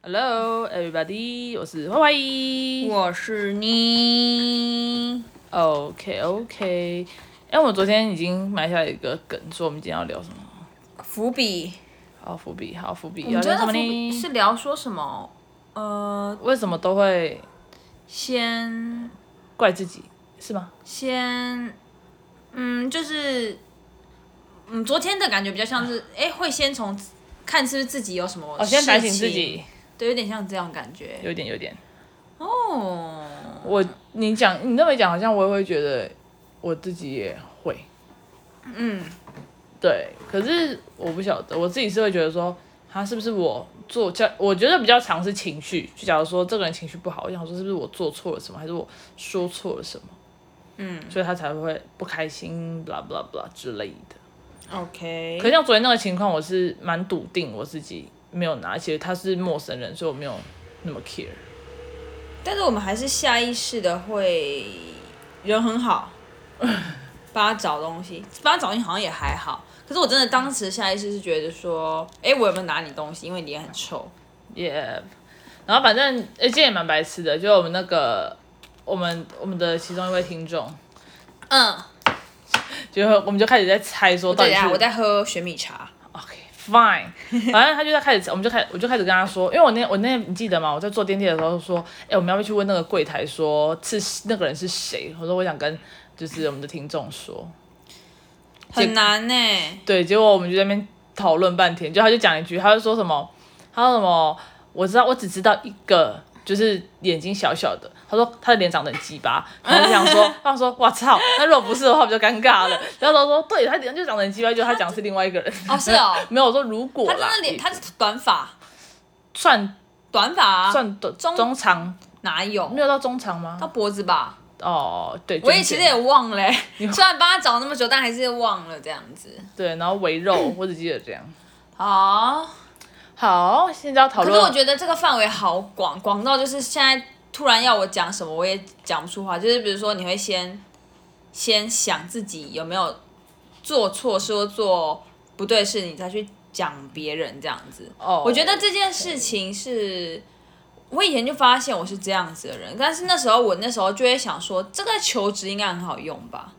Hello, everybody！我是花花，我是你。OK，OK。哎，我昨天已經埋下了一個梗，說我們今天要聊什麼？伏筆比。好伏筆，好你們 伏筆。我覺得是聊說什麼？呃，為什麼都會先怪自己，是嗎？先，嗯，就是，嗯，昨天的感覺比較像是，哎、欸，會先從看是不是自己有什麼、哦、先反省自己。對，有點像這樣的感覺，有點有點，哦，oh. 我你講你那麼講，好像我也會覺得我自己也會，嗯，對，可是我不曉得我自己是會覺得說他是不是我做教？我覺得比較常是情緒，就假如說這個人情緒不好，我想說是不是我做錯了什麼，還是我說錯了什麼，嗯，所以他才會不開心，blah blah blah 之類的，OK，可是像昨天那個情況，我是蠻篤定我自己。沒有拿，其實他是陌生人，所以我沒有那麼 care。但是我們還是下意識的會人很好， 幫他找東西，幫他找東西好像也還好。可是我真的當時下意識是覺得說，哎，我有沒有拿你東西？因為你臉很臭，也。Yeah. 然後反正哎，這也蠻白痴的，就我們那個我們我們的其中一位聽眾，嗯，就我們就開始在猜說，對呀，我在喝玄米茶。fine，反正他就在開始，我們就開，我就開始跟他說，因為我那天，我那天你記得嗎？我在坐電梯的時候說，哎、欸，我們要不要去問那個櫃檯說，說是那個人是誰？我說我想跟，就是我們的聽眾說，很難呢、欸。對，結果我們就在那邊討論半天，就他就講一句，他就說什麼，他說什麼，我知道，我只知道一個，就是眼睛小小的。他說他的臉長得很雞巴，我就想說，他說我操，那如果不是的話比較尷尬了。然後他說對，他臉上就長得很雞巴，就他講的是另外一個人。哦，是哦， 沒有，我說如果。他真的臉，他是短髮，算短髮，啊，算短中中長，哪有沒有到中長嗎？到脖子吧。哦，對。我也其實也忘了耶，好雖然幫他找那麼久，但還是忘了這樣子。對，然後微肉，我只記得這樣。好， 好，現在要討論。可是我覺得這個範圍好廣，廣到就是現在。突然要我講什麼，我也講不出話。就是比如說，你會先先想自己有沒有做錯，說做不對事，你再去講別人這樣子。哦，oh, 我覺得這件事情是 okay. 我以前就發現我是這樣子的人，但是那時候我那時候就會想說，這個求職應該很好用吧。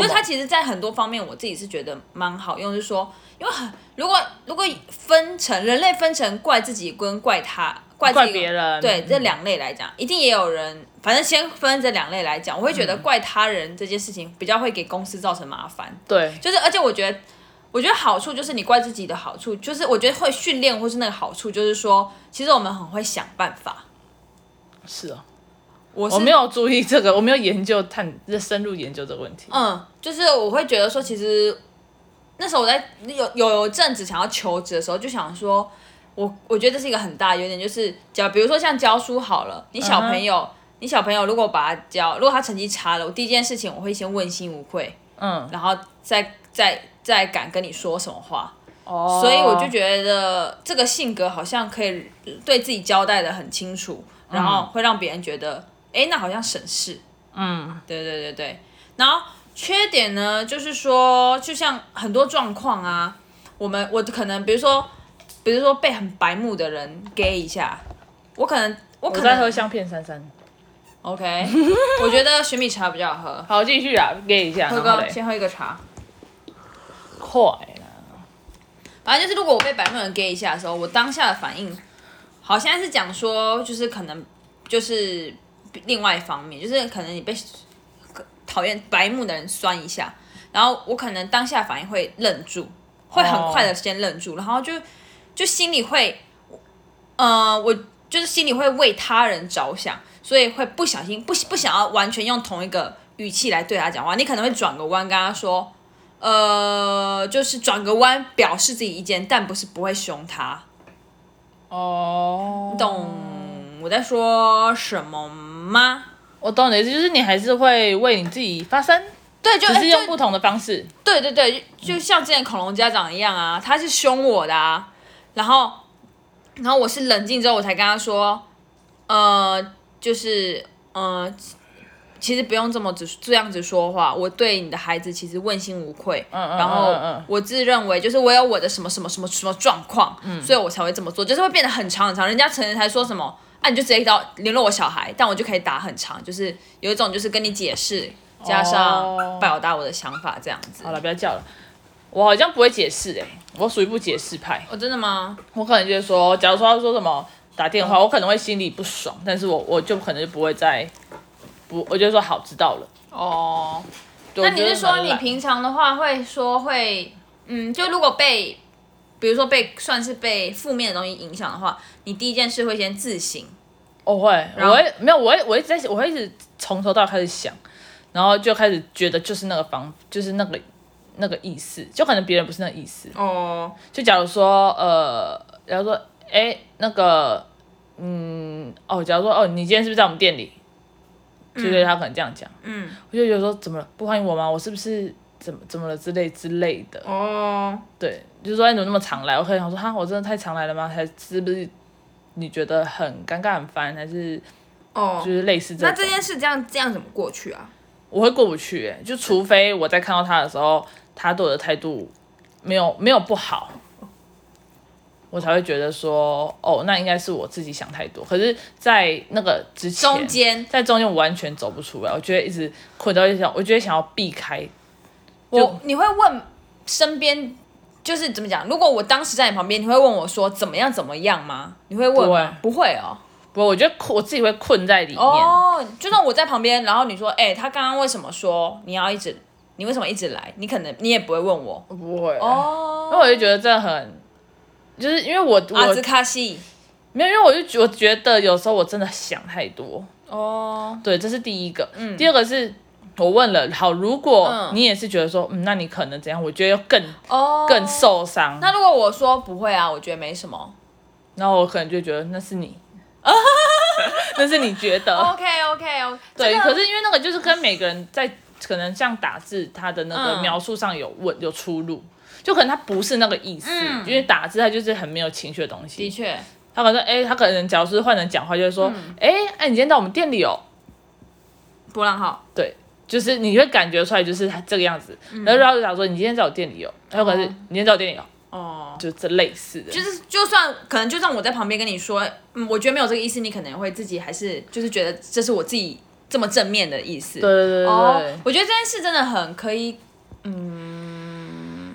就他其實，在很多方面，我自己是覺得蠻好用。就是說，因為很如果如果分成人類分成怪自己跟怪他，怪自己怪別人，對這兩類來講，一定也有人。反正先分這兩類來講，我會覺得怪他人這件事情比較會給公司造成麻煩。嗯。對，就是而且我覺得，我覺得好處就是你怪自己的好處，就是我覺得會訓練或是那個好處，就是說，其實我們很會想辦法。是啊。我，我沒有注意這個，我沒有研究探，就深入研究這個問題。嗯，就是我會覺得說，其實那時候我在有有有一陣子想要求職的時候，就想說，我我覺得這是一個很大的優點，就是假，比如說像教書好了，你小朋友，嗯、你小朋友如果把他教，如果他成績差了，我第一件事情我會先問心無愧，嗯，然後再再再敢跟你說什麼話。哦，所以我就覺得這個性格好像可以對自己交代的很清楚，嗯、然後會讓別人覺得。哎、欸，那好像省事。嗯，對，對對對對。然後缺點呢，就是說，就像很多狀況啊，我們我可能，比如說，比如說被很白目的人 ge 一下，我可能我可能我在喝香片三三。OK， 我覺得雪米茶比較好喝。好，繼續啊，ge 一下，喝哥先喝一個茶。快了啦，反正、啊、就是如果我被白目人 ge 一下的時候，我當下的反應，好像在是講說，就是可能就是。另外一方面，就是可能你被討厭白目的人酸一下，然後我可能當下反應會愣住，會很快的先愣住，然後就就心裡會，呃，我就是心裡會為他人着想，所以會不小心不不想要完全用同一個語氣來對他講話。你可能會轉個彎跟他說，呃，就是轉個彎表示自己意見，但不是不會凶他。哦，oh. 懂。我在說什麼嗎？我懂你的意思，就是你還是會為你自己發聲，對，就是用、欸，就不同的方式。對對對就，就像之前恐龍家長一樣啊，他是兇我的啊，然後，然後我是冷靜之後我才跟他說，呃，就是，呃，其實不用這麼這這樣子說話，我對你的孩子其實問心無愧，嗯嗯，然後我自認為就是我有我的什麼什麼什麼什麼狀況，嗯，所以我才會這麼做，就是會變得很長很長。人家成人才說什麼？那你就直接到聯絡我小孩，但我就可以打很長，就是有一種就是跟你解釋，加上表達我的想法這樣子。好了，不要叫了，我好像不會解釋哎，我屬於不解釋派。哦，真的嗎？我可能就是說，假如說他說什麼打電話，我可能會心裡不爽，但是我我就可能就不會再不，我就說好知道了。哦，那你是說你平常的話會說會，嗯，就如果被。比如說被算是被負面的東西影響的話，你第一件事會先自省、哦。會後我會，我會沒有，我我一直在想，我會一直從頭到頭開始想，然後就開始覺得就是那個方，就是那個那個意思，就可能別人不是那個意思。哦，就假如說呃，假如說哎那個嗯哦，假如說哦，你今天是不是在我們店裡？就是、嗯、他可能這樣講。嗯，我就覺得說怎麼了？不歡迎我嗎？我是不是？怎麼怎麼了之類之類的，哦。Oh. 對，就是說你怎麼那麼常來？我可能想說哈，我真的太常來了嗎？還是,是不是？你覺得很尷尬很煩，還是哦？就是類似這樣。Oh. 那這件事這樣這樣怎麼過去啊？我會過不去、欸，就除非我在看到他的時候，他對我的態度沒有沒有不好，我才會覺得說哦，那應該是我自己想太多。可是，在那個之前，中間。在中間，我完全走不出來，我覺得一直困到一想，我覺得想要避開。我就你會問身邊，就是怎麼講？如果我當時在你旁邊，你會問我說怎麼樣怎麼樣嗎？你會問？對不會哦，不，我覺得困，我自己會困在裡面。哦，oh, 就算我在旁邊，然後你說，哎、欸，他剛剛為什麼說你要一直，你為什麼一直來？你可能你也不會問我，不會哦。那、oh, 我就覺得這很，就是因為我我阿茲卡西沒有，因為我就我覺得有時候我真的想太多哦。Oh, 對，這是第一個，嗯，第二個是。我問了，好，如果你也是覺得說，嗯,嗯，那你可能怎樣？我覺得要更、oh, 更受傷。那如果我說不會啊，我覺得沒什麼，那我可能就覺得那是你，oh, 那是你覺得。OK OK OK。對，可是因為那個就是跟每個人在可能像打字，他的那個描述上有問有出入，就可能他不是那個意思，因為、嗯、打字他就是很沒有情緒的東西。的確確。他可能哎、欸，他可能假如是換成講話，就是說，哎哎、嗯欸欸，你今天到我們店裡哦，波浪號，對。就是你會感覺出來，就是他這個樣子。然後然後就想說，你今天在我店裡有，然後可能是你今天在我店裡有，哦，就是類似的。就是就算可能，就算我在旁邊跟你說，嗯，我覺得沒有這個意思，你可能會自己還是就是覺得這是我自己這麼正面的意思。對對對對對。哦，oh, 我覺得這件事真的很可以，嗯，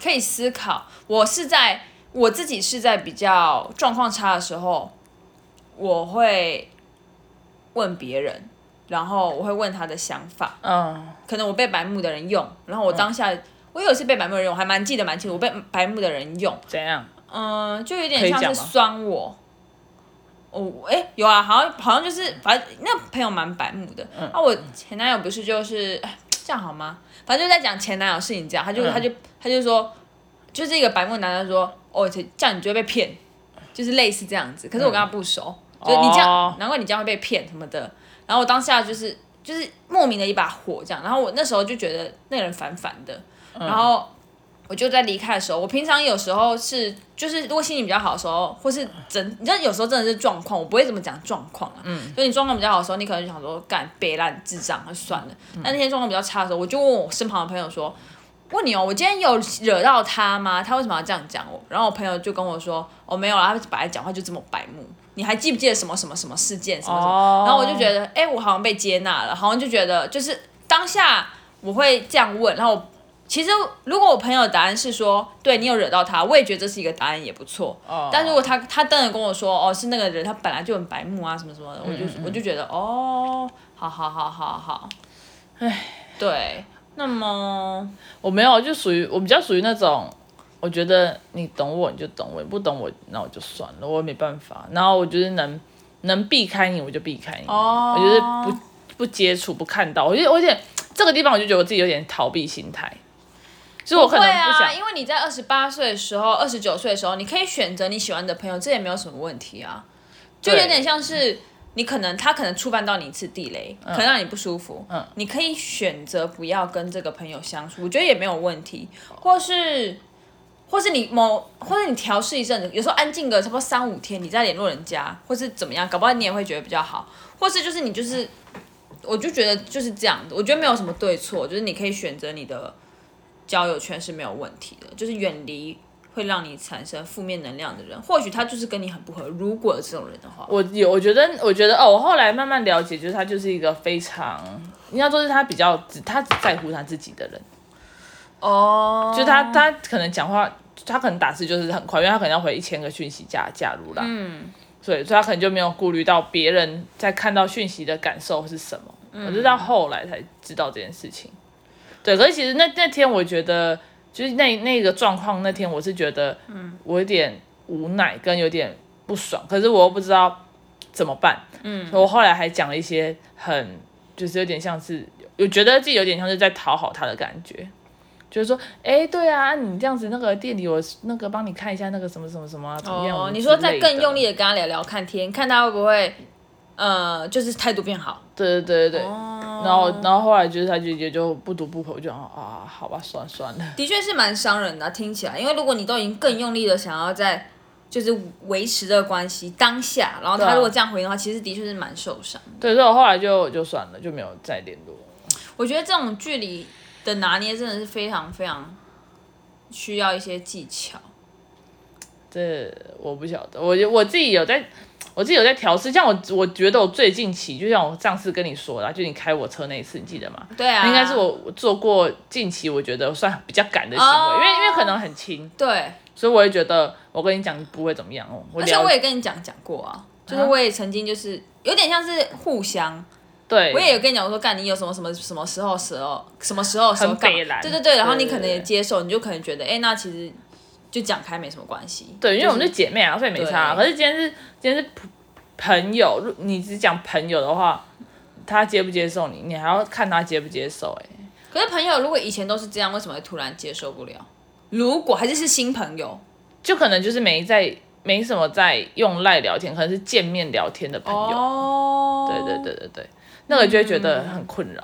可以思考。我是在我自己是在比較狀況差的時候，我會問別人。然後我會問他的想法，嗯，可能我被白目的人用，然後我當下、嗯、我有一次被白目的人用，我還蠻記得蠻清楚，我被白目的人用，怎樣？嗯，就有點像是酸我，哦，哎，有啊，好像好像就是，反正那朋友蠻白目的，嗯、啊，我前男友不是就是這樣好嗎？反正就在講前男友是你這樣，他就、嗯、他就他就說，就這、是、個白目男人說，哦，這樣你就會被騙，就是類似這樣子，可是我跟他不熟。嗯。就你這樣，Oh. 難怪你這樣會被騙什麼的。然後我當下就是就是莫名的一把火這樣。然後我那時候就覺得那個人煩煩的。然後我就在離開的時候，嗯、我平常有時候是就是如果心情比較好的時候，或是真你知道有時候真的是狀況，我不會怎麼講狀況啊。嗯。就你狀況比較好的時候，你可能想說幹別爛智障，算了。嗯、那那天狀況比較差的時候，我就問我身旁的朋友說：“問你哦，我今天有惹到他嗎？他為什麼要這樣講我？”然後我朋友就跟我說：“我、哦、沒有了，他本來講話就這麼白目。”你還記不記得什麼什麼什麼事件什麼什麼？然後我就覺得，哎、欸，我好像被接納了，好像就覺得就是當下我會這樣問。然後其實如果我朋友的答案是說對你有惹到他，我也覺得這是一個答案也不錯。Oh. 但如果他他真的跟我說，哦是那個人，他本來就很白目啊什麼什麼的，我就嗯嗯我就覺得哦，好好好好好，唉，對。那麼我沒有，就屬於我比較屬於那種。我覺得你懂我，你就懂我；不懂我，那我就算了，我沒辦法。然後我覺得能能避開你，我就避開你。Oh. 我覺得不不接觸，不看到。我覺得我有點這個地方，我就覺得我自己有點逃避心態。所以我可能就想，不會啊，因為你在二十八歲的時候，二十九歲的時候，你可以選擇你喜歡的朋友，這也沒有什麼問題啊。就有點像是對你可能他可能觸犯到你一次地雷，嗯、可能讓你不舒服。嗯，你可以選擇不要跟這個朋友相處，我覺得也沒有問題，或是。或是你某，或是你調適一陣子，有時候安靜個差不多三五天，你再聯絡人家，或是怎麼樣，搞不好你也會覺得比較好。或是就是你就是，我就覺得就是這樣子。我覺得沒有什麼對錯，就是你可以選擇你的交友圈是沒有問題的，就是遠離會讓你產生負面能量的人。或許他就是跟你很不合，如果這種人的話，我有，我覺得，我覺得哦，我後來慢慢了解，就是他就是一個非常，應該說是他比較只，他只在乎他自己的人，哦、oh.，就他他可能講話。他可能打字就是很快，因為他可能要回一千個訊息加加入啦，嗯、所以所以他可能就沒有顧慮到別人在看到訊息的感受是什麼。嗯、我是到後來才知道這件事情。對，可是其實那那天我覺得，就是那那個狀況那天，我是覺得，嗯，我有點無奈跟有點不爽，可是我又不知道怎麼辦。嗯，所以我後來還講了一些很，就是有點像是，我覺得自己有點像是在討好他的感覺。就是說，哎，對啊，你這樣子那個店裡我那個幫你看一下那個什麼什麼什麼、啊 oh, 怎麼樣？哦，你說再更用力的跟他聊聊看天，看他會不會，呃，就是態度變好。對對對對、oh. 然後然後後來就是他就姐就，就不讀不回，我就啊，好吧，算算了。的確是蠻傷人的，聽起來，因為如果你都已經更用力的想要在就是維持這個關係當下，然後他如果這樣回應的話，對其實的確是蠻受傷。對，所以我後來就就算了，就沒有再聯絡我覺得這種距離的拿捏真的是非常非常需要一些技巧，這我不曉得，我我自己有在，我自己有在調試。像我，我覺得我最近期，就像我上次跟你說的，啊、就你開我車那一次，你記得嗎？對啊。應該是我做過近期我覺得算比較敢的行為，哦，因為因為可能很輕。對。所以我也覺得，我跟你講不會怎麼樣哦。我而且我也跟你講講過啊，就是我也曾經就是，嗯、有點像是互相。對我也有跟你講，我說幹，你有什麼什麼什麼時候麼時候什麼時候什麼感？對對對，然後你可能也接受，你就可能覺得，哎，那其實就講開沒什麼關係。對，就是、因為我們是姐妹啊，所以沒差、啊。對可是今天是今天是朋友，你只講朋友的話，他接不接受你，你還要看他接不接受、欸。哎，可是朋友如果以前都是這樣，為什麼會突然接受不了？如果還是是新朋友，就可能就是沒在沒什麼在用賴聊天，可能是見面聊天的朋友。哦，oh. 對對對對對。那個就會覺得很困擾，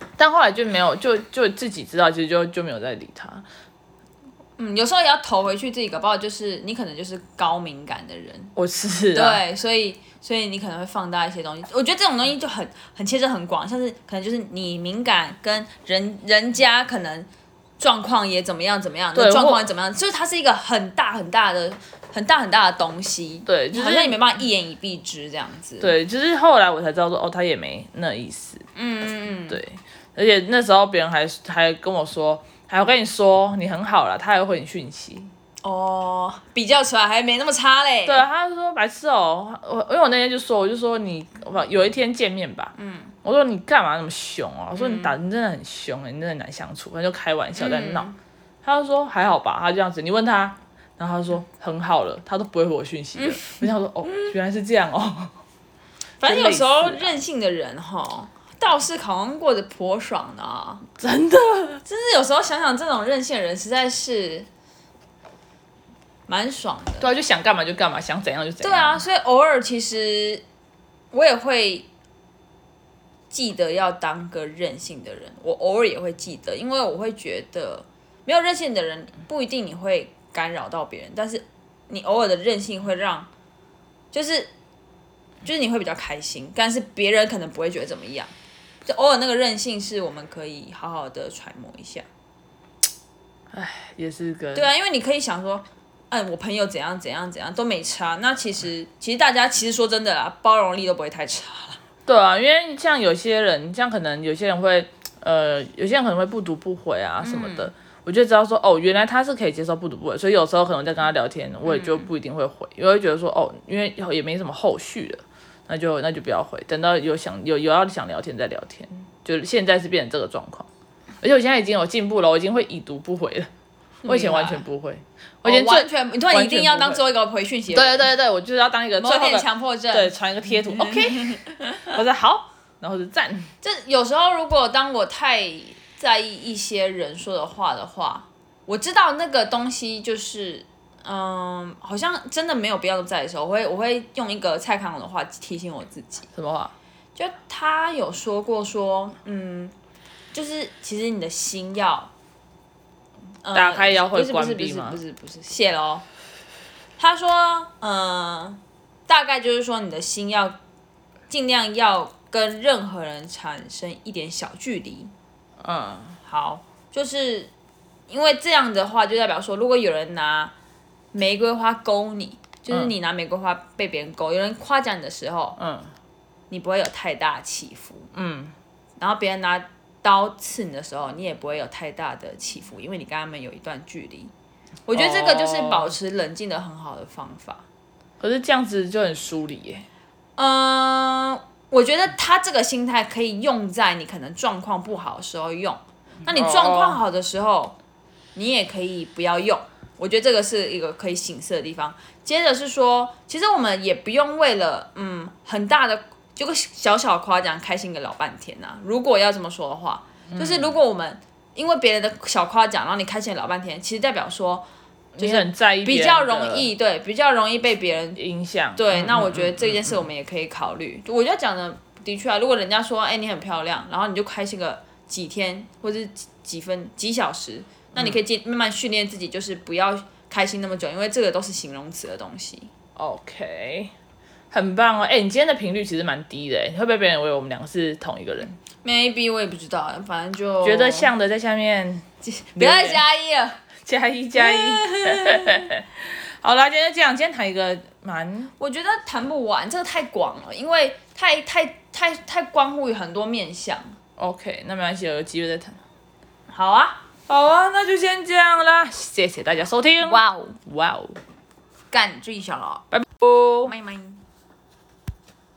嗯、但後來就沒有，就就自己知道，其實就就沒有再理他。嗯，有時候也要投回去自己個包好，就是你可能就是高敏感的人，我、哦、是、啊，對，所以所以你可能會放大一些東西。我覺得這種東西就很很切身很廣，像是可能就是你敏感跟人人家可能，狀況也怎麼樣怎麼樣，狀況對怎麼樣，我就是它是一個很大很大的、很大很大的東西，對，就是，好像你沒辦法一言以蔽之這樣子。對，就是後來我才知道說，哦，他也沒那意思，嗯嗯，對。而且那時候別人還還跟我說，還要跟你說你很好了，他還會回你訊息。哦，oh, 比較出來還沒那麼差嘞。對，他就說白痴哦、喔，我因為我那天就說，我就說你，我有一天見面吧？嗯，我說你幹嘛那麼凶哦、喔？我說你打人、嗯、真的很凶，哎，你真的很難相處，他就開玩笑在鬧。嗯、他就說還好吧，他就這樣子。你問他，然後他就說、嗯、很好了，他都不會回我訊息。嗯、我想說哦，喔嗯、原來是這樣哦、喔。反正有時候任性的人哈，啊、倒是考上過頗的頗、啊、爽的, 的，真的，真是有時候想想這種任性的人，實在是。蠻爽的，對啊，就想幹嘛就幹嘛，想怎樣就怎樣。對啊，所以偶爾其實我也會記得要當個任性的人。我偶爾也會記得，因為我會覺得沒有任性的人不一定你會干擾到別人，但是你偶爾的任性會讓，就是就是你會比較開心，但是別人可能不會覺得怎麼樣。就偶爾那個任性是我們可以好好的揣摩一下。哎，也是個對啊，因為你可以想說。哎、啊，我朋友怎樣怎樣怎樣都沒差。那其實，其實大家其實說真的啦，包容力都不會太差了。對啊，因為像有些人，像可能有些人會，呃，有些人可能會不讀不回啊什麼的。嗯、我就知道說，哦，原來他是可以接受不讀不回，所以有時候可能在跟他聊天，我也就不一定會回，因為、嗯、覺得說，哦，因為也沒什麼後續的，那就那就不要回，等到有想有有要想聊天再聊天。就是現在是變成這個狀況，而且我現在已經有進步了，我已經會已讀不回了。我以前完全不會，我以前完全，完全你突然一定要當做一個培訓學對對對，我就是要當一個重點強迫症，對傳一個貼圖、嗯、，OK， 我說好，然後就贊。這有時候如果當我太在意一些人說的話的話，我知道那個東西就是，嗯，好像真的沒有必要在的時候，我會我會用一個蔡康永的話提醒我自己。什麼話？就他有說過說，嗯，就是其實你的心要。打開要會關閉嗎？嗯、不是不是不是不是不是，謝嘍。他說，嗯，大概就是說你的心要盡量要跟任何人產生一點小距離。嗯，好，就是因為這樣的話，就代表說，如果有人拿玫瑰花勾你，就是你拿玫瑰花被別人勾，嗯、有人誇獎你的時候，嗯，你不會有太大起伏。嗯，然後別人拿。刀刺你的時候，你也不會有太大的起伏，因為你跟他們有一段距離。我覺得這個就是保持冷靜的很好的方法。哦、可是這樣子就很疏離耶。嗯，我覺得他這個心態可以用在你可能狀況不好的時候用。那你狀況好的時候，哦、你也可以不要用。我覺得這個是一個可以省思的地方。接着是說，其實我們也不用為了嗯很大的。就個小小誇獎，開心個老半天吶、啊！如果要這麼說的話，嗯、就是如果我們因為別人的小誇獎讓你開心的老半天，其實代表說，就是很在意，比較容易對，比較容易被別人影響。像對，那我覺得這件事我們也可以考慮。嗯嗯嗯嗯。我覺得講的，的確啊，如果人家說，哎、欸，你很漂亮，然後你就開心個幾天，或者是幾幾分幾小時，那你可以漸慢慢訓練自己，就是不要開心那麼久，嗯、因為這個都是形容詞的東西。OK。很棒哦，哎、欸，你今天的頻率其實蠻低的，哎，你會不會別人以為我們兩個是同一個人？Maybe 我也不知道，反正就覺得像的在下面。不要加一了，加一加一。 好啦，今天就這樣，今天談一個蠻，我覺得談不完，這個太廣了，因為太太太太關乎於很多面向。OK，那沒關係，有機會再談。好啊，好啊，那就先這樣啦，謝謝大家收聽，哇哦哇哦，幹最爽了，拜拜。